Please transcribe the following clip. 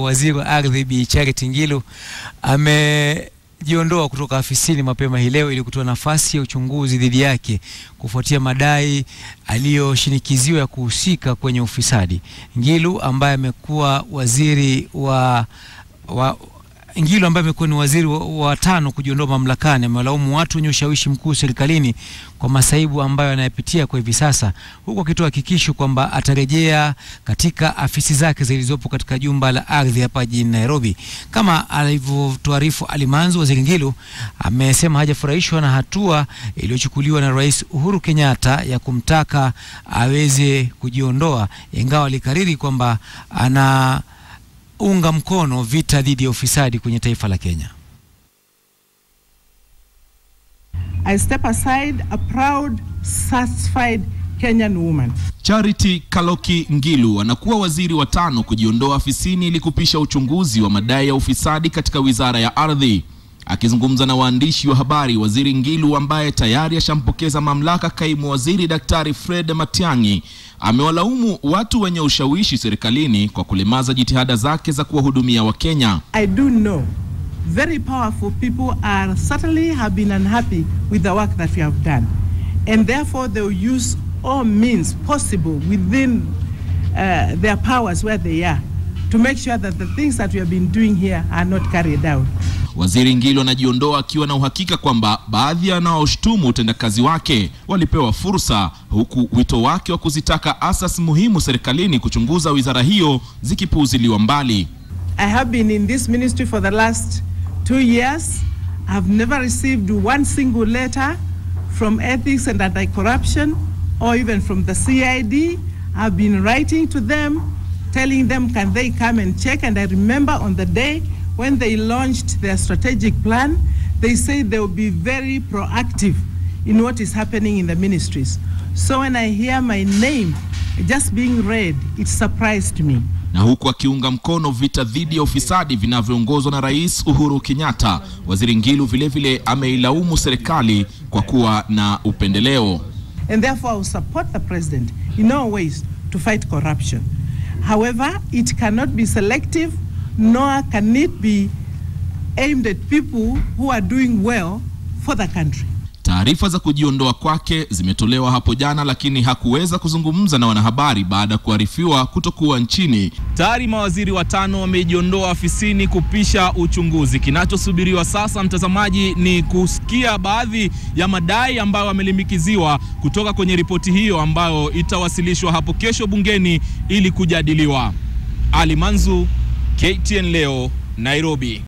Waziri wa Ardhi Bi Charity Ngilu amejiondoa kutoka afisini mapema hii leo ili kutoa nafasi ya uchunguzi dhidi yake kufuatia madai aliyoshinikiziwa ya kuhusika kwenye ufisadi. Ngilu ambaye amekuwa waziri wa, wa Ngilo ambaye amekuwa ni waziri wa tano kujiondoa mamlakani amewalaumu watu wenye ushawishi mkuu serikalini kwa masaibu ambayo anayapitia kwa hivi sasa, huku akitoa hakikisho kwamba atarejea katika afisi zake zilizopo katika jumba la ardhi hapa jijini Nairobi. Kama alivyotuarifu Alimanzu, waziri Ngilo amesema hajafurahishwa na hatua iliyochukuliwa na Rais Uhuru Kenyatta ya kumtaka aweze kujiondoa, ingawa alikariri kwamba ana unga mkono vita dhidi ya ufisadi kwenye taifa la Kenya? I step aside a proud, satisfied Kenyan woman. Charity Kaloki Ngilu anakuwa waziri wa tano kujiondoa afisini ili kupisha uchunguzi wa madai ya ufisadi katika wizara ya ardhi. Akizungumza na waandishi wa habari, Waziri Ngilu ambaye tayari ashampokeza mamlaka kaimu waziri Daktari Fred Matiang'i amewalaumu watu wenye ushawishi serikalini kwa kulemaza jitihada zake za kuwahudumia Wakenya. I do know very powerful people are certainly have been unhappy with the work that we have done and therefore they will use all means possible within uh, their powers where they are to make sure that the things that we have been doing here are not carried out. Waziri Ngilo anajiondoa akiwa na uhakika kwamba baadhi ya wanaoshtumu utendakazi wake walipewa fursa, huku wito wake wa kuzitaka asasi muhimu serikalini kuchunguza wizara hiyo zikipuuziliwa mbali. I have been in this ministry for the last two years. I have never received one single letter from ethics and anti-corruption or even from the CID. I've been writing to them, telling them can they come and check. And I remember on the day when they launched their strategic plan, they said they will be very proactive in what is happening in the ministries. So when I hear my name just being read, it surprised me. Na huku akiunga mkono vita dhidi ya ufisadi vinavyoongozwa na Rais Uhuru Kenyatta, Waziri Ngilu vilevile ameilaumu serikali kwa kuwa na upendeleo. And therefore I will support the president in all ways to fight corruption. However, it cannot be selective nor can it be aimed at people who are doing well for the country. Taarifa za kujiondoa kwake zimetolewa hapo jana, lakini hakuweza kuzungumza na wanahabari baada ya kuarifiwa kutokuwa nchini. Tayari mawaziri watano wamejiondoa afisini kupisha uchunguzi. Kinachosubiriwa sasa, mtazamaji, ni kusikia baadhi ya madai ambayo wamelimbikiziwa kutoka kwenye ripoti hiyo ambayo itawasilishwa hapo kesho bungeni ili kujadiliwa. Ali Manzu, KTN leo Nairobi.